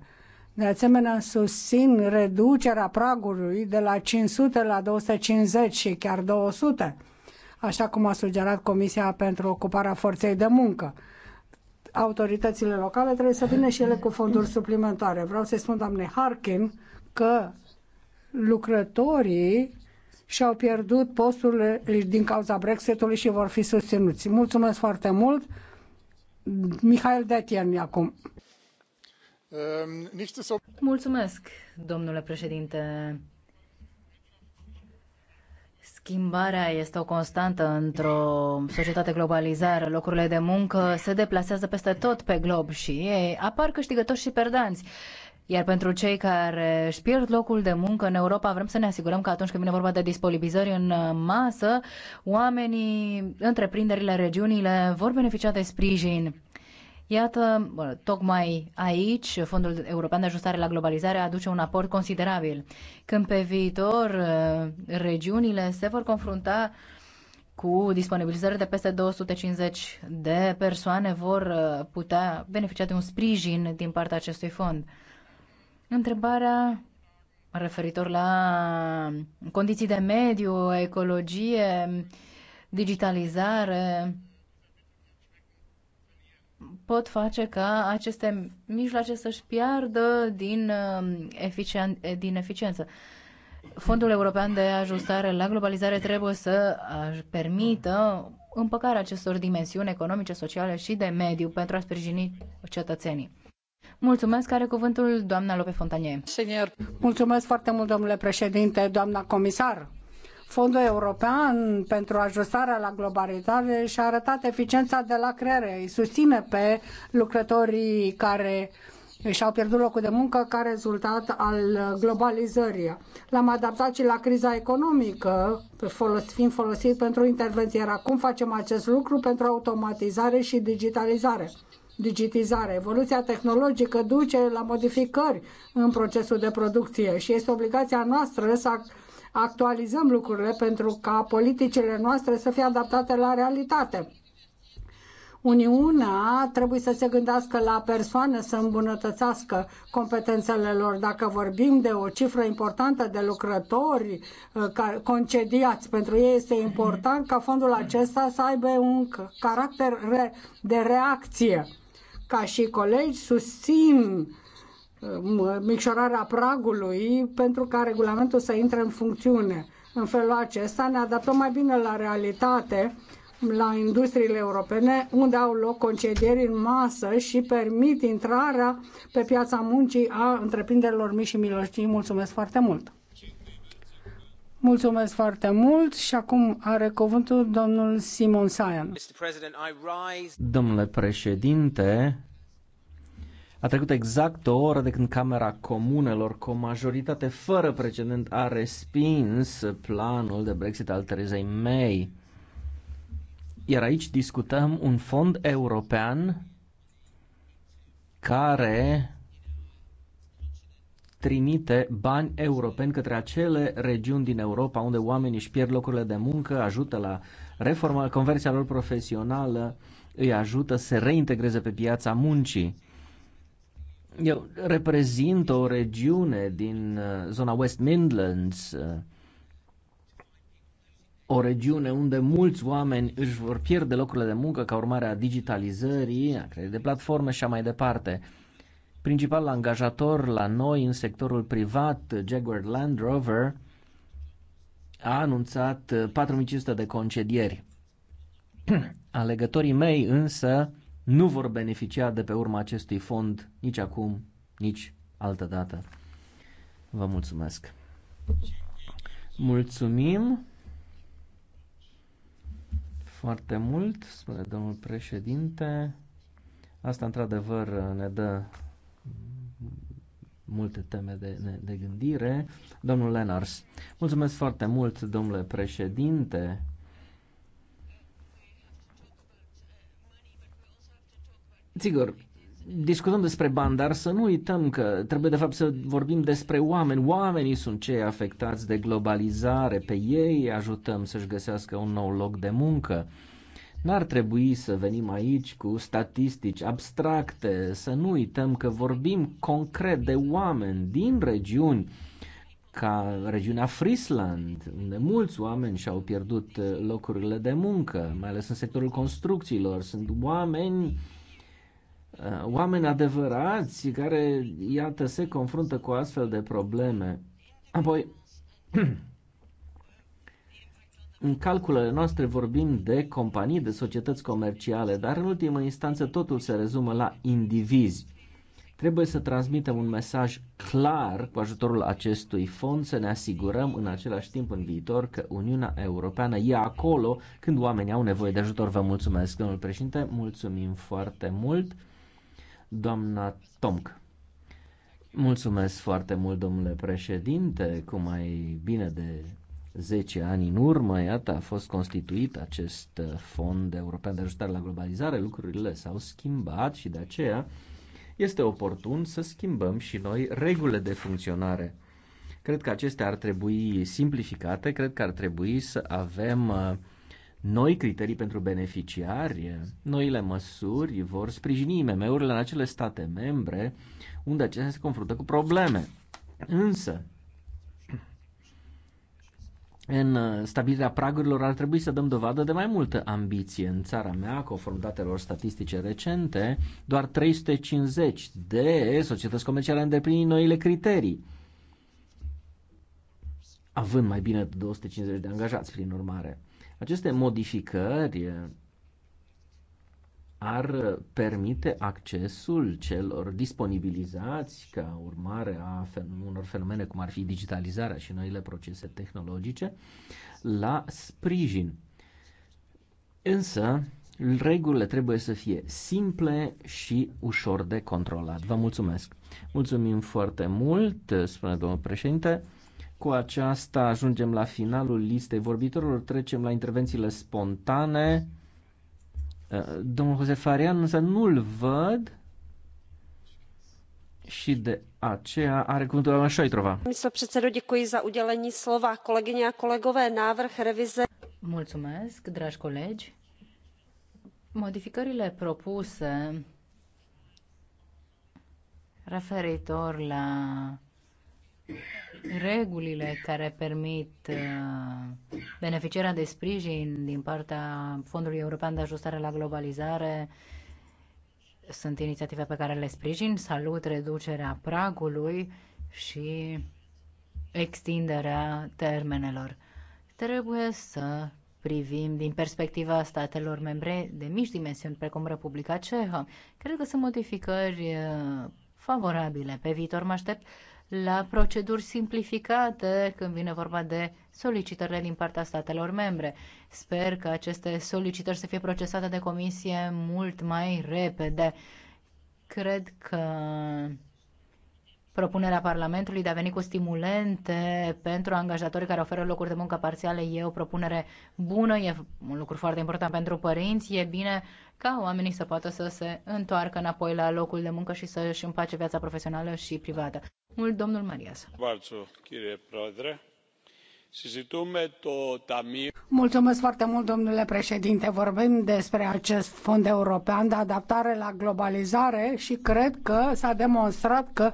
de asemenea, susțin reducerea pragului de la 500 la 250 și chiar 200, așa cum a sugerat Comisia pentru Ocuparea Forței de Muncă. Autoritățile locale trebuie să vină și ele cu fonduri suplimentare. Vreau să-i spun, doamne Harkin, că lucrătorii și-au pierdut posturile din cauza Brexitului și vor fi susținuți. Mulțumesc foarte mult! Mihail Detian acum. Ehm, Mulțumesc, domnule președinte. Schimbarea este o constantă într-o societate globalizată. Locurile de muncă se deplasează peste tot pe glob și ei apar câștigători și perdanți. Iar pentru cei care își pierd locul de muncă în Europa, vrem să ne asigurăm că atunci când vine vorba de disponibilizări în masă, oamenii, întreprinderile, regiunile vor beneficia de sprijin Iată, tocmai aici, Fondul European de Ajustare la Globalizare aduce un aport considerabil. Când pe viitor uh, regiunile se vor confrunta cu disponibilizări de peste 250 de persoane vor uh, putea beneficia de un sprijin din partea acestui fond. Întrebarea referitor la condiții de mediu, ecologie, digitalizare, pot face ca aceste mijloace să-și piardă din, um, eficien- eh, din eficiență. Fondul European de Ajustare la Globalizare trebuie să permită împăcarea acestor dimensiuni economice, sociale și de mediu pentru a sprijini cetățenii. Mulțumesc, are cuvântul doamna Lope Fontanie. Senior. Mulțumesc foarte mult, domnule președinte, doamna comisar Fondul European pentru ajustarea la globalizare și-a arătat eficiența de la creare. Îi susține pe lucrătorii care și-au pierdut locul de muncă ca rezultat al globalizării. L-am adaptat și la criza economică, fiind folosit pentru intervenție. Iar acum facem acest lucru pentru automatizare și digitalizare digitizare. Evoluția tehnologică duce la modificări în procesul de producție și este obligația noastră să actualizăm lucrurile pentru ca politicile noastre să fie adaptate la realitate. Uniunea trebuie să se gândească la persoane să îmbunătățească competențele lor. Dacă vorbim de o cifră importantă de lucrători uh, concediați, pentru ei este important ca fondul acesta să aibă un caracter de reacție. Ca și colegi, susțin micșorarea pragului pentru ca regulamentul să intre în funcțiune. În felul acesta ne adaptăm mai bine la realitate, la industriile europene, unde au loc concedieri în masă și permit intrarea pe piața muncii a întreprinderilor mici și mijlocii. Mulțumesc foarte mult! Mulțumesc foarte mult și acum are cuvântul domnul Simon Sayan. Domnule președinte, a trecut exact o oră de când Camera Comunelor, cu o majoritate fără precedent, a respins planul de Brexit al Terezei May. Iar aici discutăm un fond european care trimite bani europeni către acele regiuni din Europa unde oamenii își pierd locurile de muncă, ajută la reforma, conversia lor profesională, îi ajută să reintegreze pe piața muncii. Eu reprezint o regiune din uh, zona West Midlands, uh, o regiune unde mulți oameni își vor pierde locurile de muncă ca urmare a digitalizării, a creierii de platforme și a mai departe. Principal angajator la noi în sectorul privat, Jaguar Land Rover, a anunțat 4500 uh, de concedieri. [clears throat] Alegătorii mei însă nu vor beneficia de pe urma acestui fond nici acum, nici altă dată. Vă mulțumesc. Mulțumim foarte mult, spune domnul președinte. Asta, într-adevăr, ne dă multe teme de, de gândire. Domnul Lenars, mulțumesc foarte mult, domnule președinte. Sigur, discutăm despre bani, dar să nu uităm că trebuie de fapt să vorbim despre oameni. Oamenii sunt cei afectați de globalizare, pe ei ajutăm să-și găsească un nou loc de muncă. N-ar trebui să venim aici cu statistici abstracte, să nu uităm că vorbim concret de oameni din regiuni ca regiunea Friesland, unde mulți oameni și-au pierdut locurile de muncă, mai ales în sectorul construcțiilor. Sunt oameni Uh, oameni adevărați care, iată, se confruntă cu astfel de probleme. Apoi, [clears throat] în calculele noastre vorbim de companii, de societăți comerciale, dar în ultimă instanță totul se rezumă la indivizi. Trebuie să transmitem un mesaj clar cu ajutorul acestui fond, să ne asigurăm în același timp în viitor că Uniunea Europeană e acolo când oamenii au nevoie de ajutor. Vă mulțumesc, domnul președinte, mulțumim foarte mult. Doamna Tomc. Mulțumesc foarte mult, domnule președinte. Cu mai bine de 10 ani în urmă, iată, a fost constituit acest uh, fond european de ajutare la globalizare. Lucrurile s-au schimbat și de aceea este oportun să schimbăm și noi regulile de funcționare. Cred că acestea ar trebui simplificate, cred că ar trebui să avem uh, noi criterii pentru beneficiari, noile măsuri vor sprijini IMM-urile în acele state membre unde acestea se confruntă cu probleme. Însă, în stabilirea pragurilor ar trebui să dăm dovadă de mai multă ambiție. În țara mea, conform datelor statistice recente, doar 350 de societăți comerciale îndeplinit noile criterii, având mai bine de 250 de angajați, prin urmare. Aceste modificări eh, ar permite accesul celor disponibilizați ca urmare a unor fenomene cum ar fi digitalizarea și noile procese tehnologice la sprijin. Însă, regulile trebuie să fie simple și ușor de controlat. Vă mulțumesc! Mulțumim foarte mult, spune domnul președinte. Cu aceasta ajungem la finalul listei vorbitorilor, trecem la intervențiile spontane. Uh, domnul Jose Farian însă nu-l văd și de aceea are cuvântul doamna Șoitrova. Předsedo, děkuji za udělení slova. Kolegyně a kolegové, návrh revize. Mulțumesc, dragi colegi. Modificările propuse referitor la regulile care permit uh, beneficierea de sprijin din partea Fondului European de Ajustare la Globalizare sunt inițiative pe care le sprijin. Salut reducerea pragului și extinderea termenelor. Trebuie să privim din perspectiva statelor membre de mici dimensiuni, precum Republica Cehă. Cred că sunt modificări uh, favorabile. Pe viitor mă aștept la proceduri simplificate când vine vorba de solicitările din partea statelor membre. Sper că aceste solicitări să fie procesate de comisie mult mai repede. Cred că propunerea Parlamentului de a veni cu stimulente pentru angajatorii care oferă locuri de muncă parțiale e o propunere bună, e un lucru foarte important pentru părinți, e bine ca oamenii să poată să se întoarcă înapoi la locul de muncă și să-și împace viața profesională și privată. Mult domnul Marias. Mulțumesc foarte mult, domnule președinte. Vorbim despre acest fond european de adaptare la globalizare și cred că s-a demonstrat că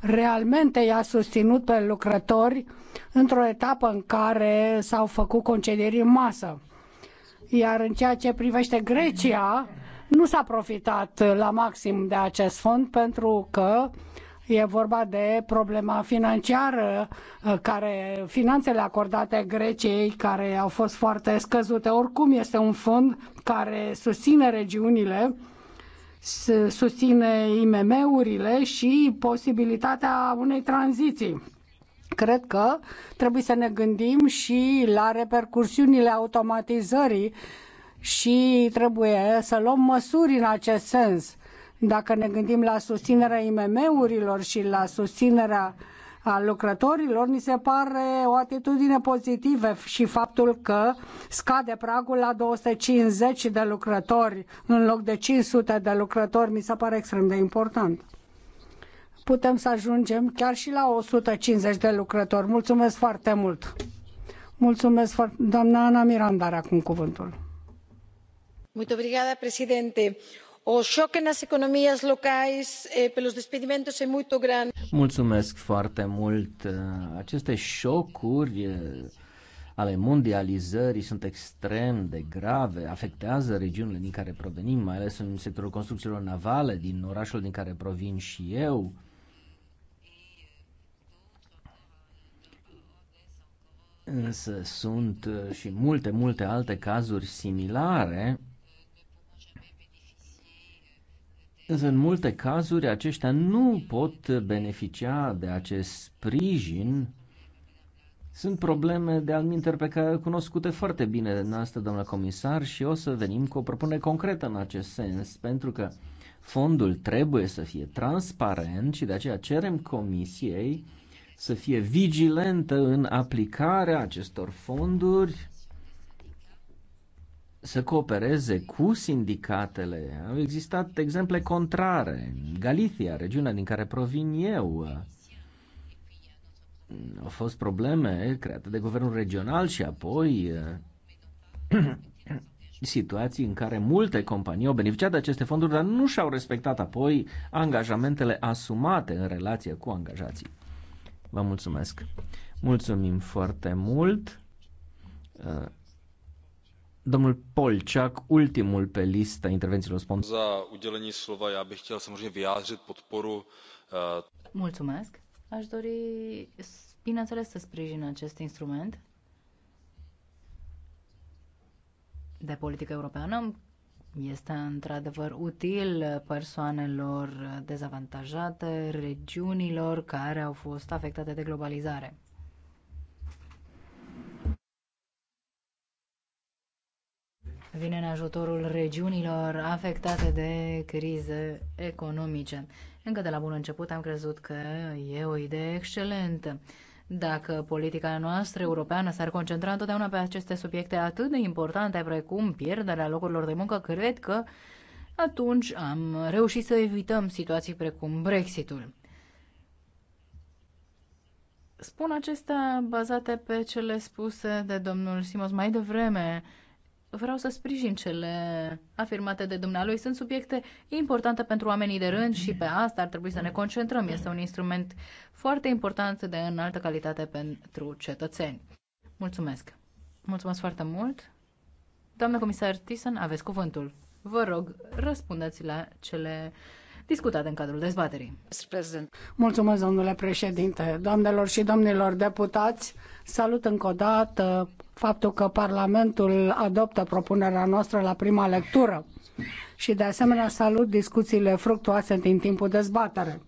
realmente i-a susținut pe lucrători într-o etapă în care s-au făcut concedieri în masă. Iar în ceea ce privește Grecia, nu s-a profitat la maxim de acest fond pentru că E vorba de problema financiară, uh, care finanțele acordate Greciei, care au fost foarte scăzute. Oricum este un fond care susține regiunile, susține IMM-urile și posibilitatea unei tranziții cred că trebuie să ne gândim și la repercursiunile automatizării și trebuie să luăm măsuri în acest sens. Dacă ne gândim la susținerea IMM-urilor și la susținerea a lucrătorilor, ni se pare o atitudine pozitivă și faptul că scade pragul la 250 de lucrători în loc de 500 de lucrători mi se pare extrem de important. Putem să ajungem chiar și la 150 de lucrători. Mulțumesc foarte mult! Mulțumesc foarte... Doamna Ana Miranda are acum cuvântul. Muito obrigada, presidente. Eh, Mulțumesc foarte mult. Eh, aceste șocuri eh, ale mondializării sunt extrem de grave, afectează regiunile din care provenim, mai ales în sectorul construcțiilor navale, din orașul din care provin și eu. Însă sunt și multe, multe alte cazuri similare Însă, în multe cazuri, aceștia nu pot beneficia de acest sprijin. Sunt probleme de alminter pe care cunoscute foarte bine de noastră, doamnă comisar, și o să venim cu o propunere concretă în acest sens, pentru că fondul trebuie să fie transparent și de aceea cerem comisiei să fie vigilentă în aplicarea acestor fonduri să coopereze cu sindicatele. Au existat exemple contrare. Galicia, regiunea din care provin eu, au fost probleme create de guvernul regional și apoi [clears throat] situații în care multe companii au beneficiat de aceste fonduri, dar nu și-au respectat apoi angajamentele asumate în relație cu angajații. Vă mulțumesc! Mulțumim foarte mult! Domnul Polčák, ultimul pe lista intervențiilor spontane. Za udělení slova, já bych chtěl samozřejmě vyjádřit podporu. Eh, Mulțumesc. Aș dori, bineînțeles, să sprijin acest instrument de politică europeană. Este într-adevăr util persoanelor dezavantajate, regiunilor care au fost afectate de globalizare. vine în ajutorul regiunilor afectate de crize economice. Încă de la bun început am crezut că e o idee excelentă. Dacă politica noastră europeană s-ar concentra întotdeauna pe aceste subiecte atât de importante precum pierderea locurilor de muncă, cred că atunci am reușit să evităm situații precum Brexitul. Spun acestea bazate pe cele spuse de domnul Simos mai devreme vreau să sprijin cele afirmate de dumnealui. Sunt subiecte importante pentru oamenii de rând și pe asta ar trebui să ne concentrăm. Este un instrument foarte important de înaltă calitate pentru cetățeni. Mulțumesc! Mulțumesc foarte mult! Doamna comisar Thyssen, aveți cuvântul. Vă rog, răspundeți la cele discutat în cadrul dezbaterii. Mulțumesc, domnule președinte, doamnelor și domnilor deputați. Salut încă o dată faptul că Parlamentul adoptă propunerea noastră la prima lectură și de asemenea salut discuțiile fructuoase din timpul dezbatere.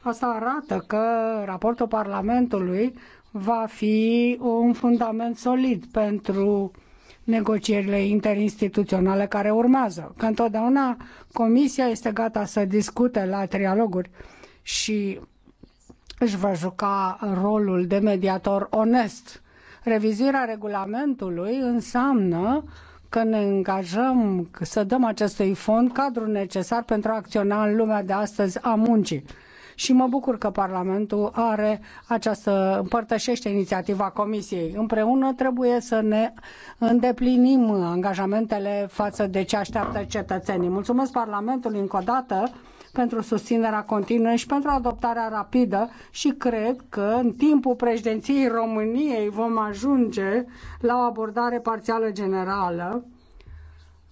Asta arată că raportul Parlamentului va fi un fundament solid pentru negocierile interinstituționale care urmează. Că întotdeauna Comisia este gata să discute la trialoguri și își va juca rolul de mediator onest. Revizuirea regulamentului înseamnă că ne angajăm să dăm acestui fond cadrul necesar pentru a acționa în lumea de astăzi a muncii și mă bucur că Parlamentul are această, împărtășește inițiativa Comisiei. Împreună trebuie să ne îndeplinim angajamentele față de ce așteaptă cetățenii. Mulțumesc Parlamentului încă o dată pentru susținerea continuă și pentru adoptarea rapidă și cred că în timpul președinției României vom ajunge la o abordare parțială generală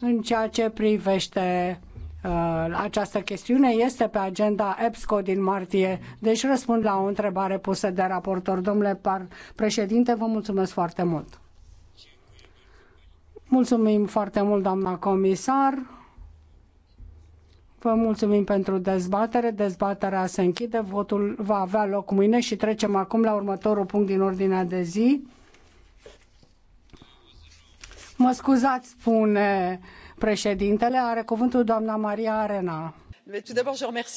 în ceea ce privește Uh, această chestiune este pe agenda EPSCO din martie, deci răspund la o întrebare pusă de raportor. Domnule par președinte, vă mulțumesc foarte mult. Mulțumim foarte mult, doamna comisar. Vă mulțumim pentru dezbatere. Dezbaterea se închide. Votul va avea loc mâine și trecem acum la următorul punct din ordinea de zi. Mă scuzați, spune Președintele are cuvântul doamna Maria Arena. Euh,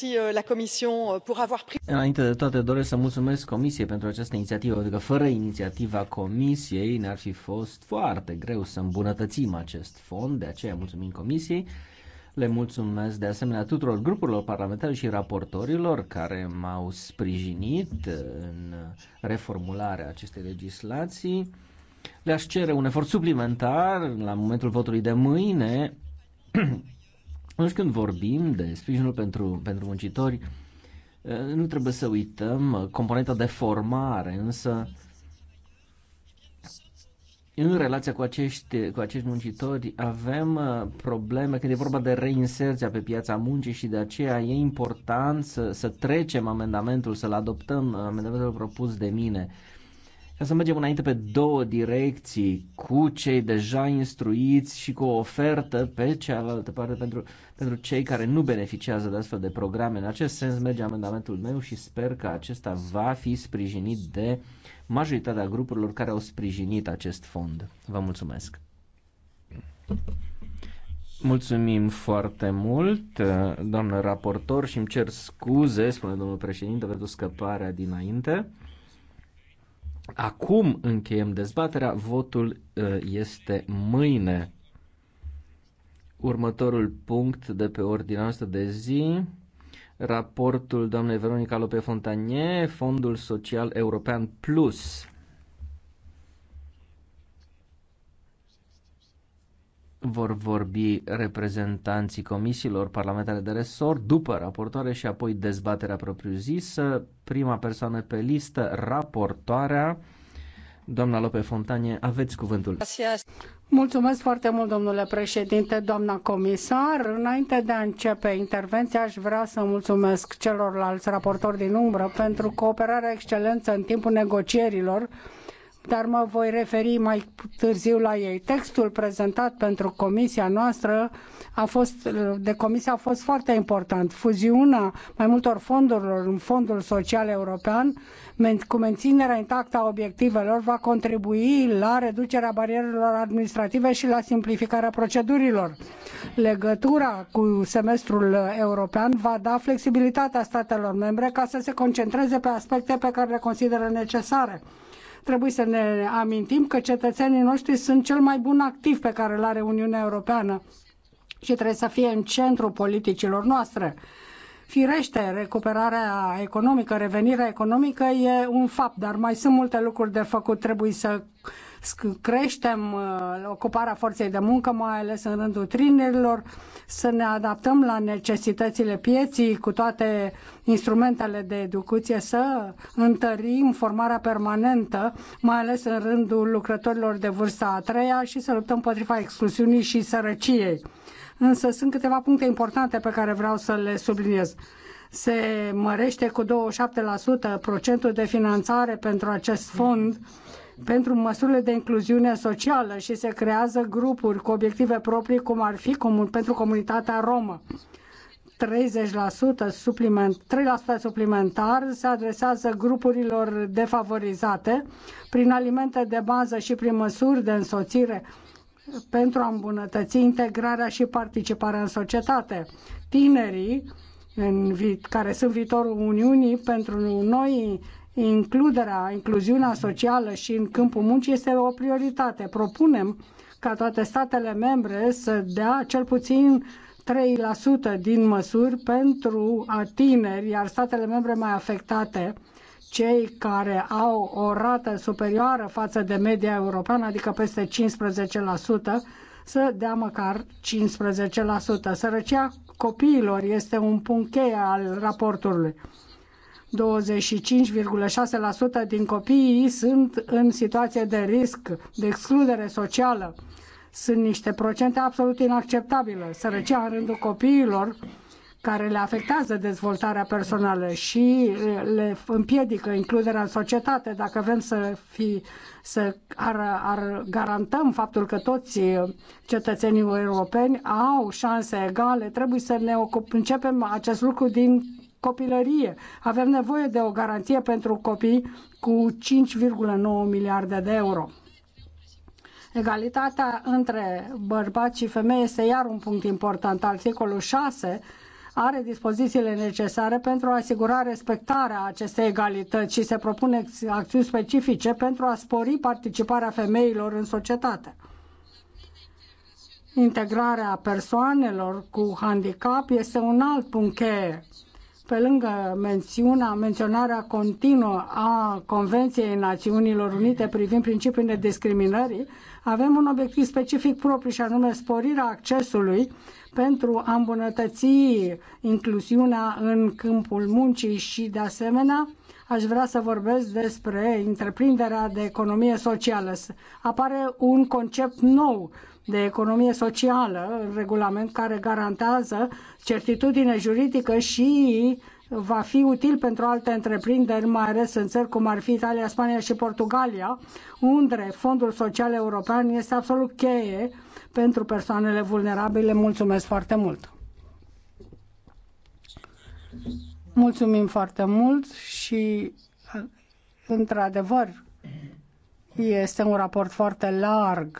euh, Înainte de toate doresc să mulțumesc Comisiei pentru această inițiativă, pentru că fără inițiativa Comisiei ne-ar fi fost foarte greu să îmbunătățim acest fond, de aceea mulțumim Comisiei. Le mulțumesc de asemenea tuturor grupurilor parlamentare și raportorilor care m-au sprijinit în reformularea acestei legislații. Le-aș cere un efort suplimentar la momentul votului de mâine, [clears throat] atunci când vorbim de sprijinul pentru, pentru muncitori, eh, nu trebuie să uităm eh, componenta de formare, însă în relația cu acești, cu acești muncitori avem eh, probleme când e vorba de reinserția pe piața muncii și de aceea e important să, să trecem amendamentul, să-l adoptăm, amendamentul propus de mine ca să mergem înainte pe două direcții, cu cei deja instruiți și cu o ofertă pe cealaltă parte pentru, pentru cei care nu beneficiază de astfel de programe. În acest sens merge amendamentul meu și sper că acesta va fi sprijinit de majoritatea grupurilor care au sprijinit acest fond. Vă mulțumesc! Mulțumim foarte mult, doamnă raportor, și îmi cer scuze, spune domnul președinte, pentru scăparea dinainte. Acum încheiem dezbaterea, votul uh, este mâine. Următorul punct de pe ordinea noastră de zi, raportul doamnei Veronica Lope Fontanie, Fondul Social European Plus. vor vorbi reprezentanții comisiilor parlamentare de resort după raportoare și apoi dezbaterea propriu-zisă. Prima persoană pe listă, raportoarea, doamna Lope Fontanie, aveți cuvântul. Mulțumesc foarte mult, domnule președinte, doamna comisar. Înainte de a începe intervenția, aș vrea să mulțumesc celorlalți raportori din umbră pentru cooperarea excelentă în timpul negocierilor dar mă voi referi mai târziu la ei. Textul prezentat pentru comisia noastră a fost, de comisie a fost foarte important. Fuziunea mai multor fondurilor în Fondul Social European cu menținerea intactă a obiectivelor va contribui la reducerea barierelor administrative și la simplificarea procedurilor. Legătura cu semestrul european va da flexibilitatea statelor membre ca să se concentreze pe aspecte pe care le consideră necesare. Trebuie să ne amintim că cetățenii noștri sunt cel mai bun activ pe care îl are Uniunea Europeană și trebuie să fie în centrul politicilor noastre. Firește, recuperarea economică, revenirea economică e un fapt, dar mai sunt multe lucruri de făcut. Trebuie să creștem uh, ocuparea forței de muncă, mai ales în rândul tinerilor, să ne adaptăm la necesitățile pieții cu toate instrumentele de educație, să întărim formarea permanentă, mai ales în rândul lucrătorilor de vârsta a treia și să luptăm împotriva excluziunii și sărăciei. Însă sunt câteva puncte importante pe care vreau să le subliniez se mărește cu 27% procentul de finanțare pentru acest fond pentru măsurile de incluziune socială și se creează grupuri cu obiective proprii, cum ar fi comun, pentru comunitatea romă. 30% supliment, 3% suplimentar se adresează grupurilor defavorizate prin alimente de bază și prin măsuri de însoțire pentru a îmbunătăți integrarea și participarea în societate. Tinerii în care sunt viitorul Uniunii, pentru noi includerea, incluziunea socială și în câmpul muncii este o prioritate. Propunem ca toate statele membre să dea cel puțin 3% din măsuri pentru a tineri, iar statele membre mai afectate, cei care au o rată superioară față de media europeană, adică peste 15%, să dea măcar 15%. Sărăcia copiilor este un punct cheie al raportului. 25,6% din copiii sunt în situație de risc, de excludere socială. Sunt niște procente absolut inacceptabile. Sărăcia în rândul copiilor care le afectează dezvoltarea personală și eh, le împiedică includerea în societate. Dacă vrem să, fi, să ar, ar garantăm faptul că toți eh, cetățenii europeni au șanse egale, trebuie să ne ocup, începem acest lucru din copilărie. Avem nevoie de o garanție pentru copii cu 5,9 miliarde de euro. Egalitatea între bărbați și femei este iar un punct important. Articolul 6 are dispozițiile necesare pentru a asigura respectarea acestei egalități și se propune acțiuni specifice pentru a spori participarea femeilor în societate. Integrarea persoanelor cu handicap este un alt punct cheie pe lângă mențiunea, menționarea continuă a Convenției Națiunilor Unite privind principiul nediscriminării, avem un obiectiv specific propriu și anume sporirea accesului pentru a îmbunătăți incluziunea în câmpul muncii și, de asemenea, aș vrea să vorbesc despre întreprinderea de economie socială. Apare un concept nou de economie socială, regulament care garantează certitudine juridică și va fi util pentru alte întreprinderi, mai ales în țări cum ar fi Italia, Spania și Portugalia, unde Fondul Social European este absolut cheie pentru persoanele vulnerabile. Mulțumesc foarte mult! Mulțumim foarte mult și, într-adevăr, este un raport foarte larg